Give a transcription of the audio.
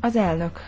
Az elnök.